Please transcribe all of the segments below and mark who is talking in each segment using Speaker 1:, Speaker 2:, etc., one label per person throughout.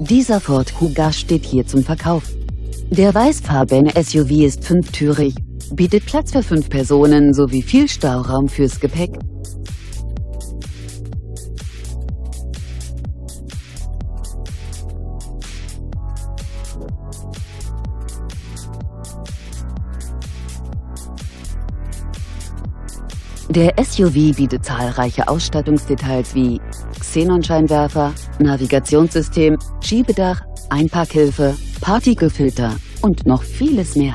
Speaker 1: Dieser Ford Kuga steht hier zum Verkauf. Der weißfarbene SUV ist fünftürig, bietet Platz für fünf Personen sowie viel Stauraum fürs Gepäck. Der SUV bietet zahlreiche Ausstattungsdetails wie Xenonscheinwerfer, Navigationssystem, Schiebedach, Einparkhilfe, Partikelfilter und noch vieles mehr.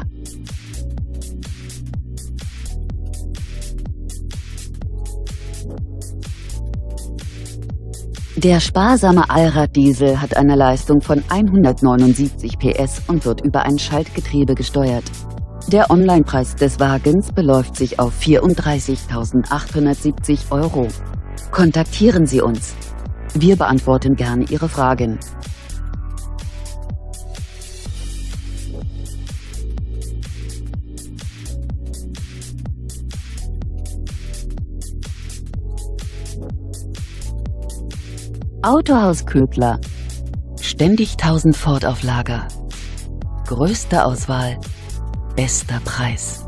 Speaker 1: Der sparsame Allraddiesel hat eine Leistung von 179 PS und wird über ein Schaltgetriebe gesteuert. Der Onlinepreis des Wagens beläuft sich auf 34.870 Euro. Kontaktieren Sie uns. Wir beantworten gerne Ihre Fragen. Autohaus Ködler. Ständig 1000 Ford auf Lager. Größte Auswahl, Bester Preis.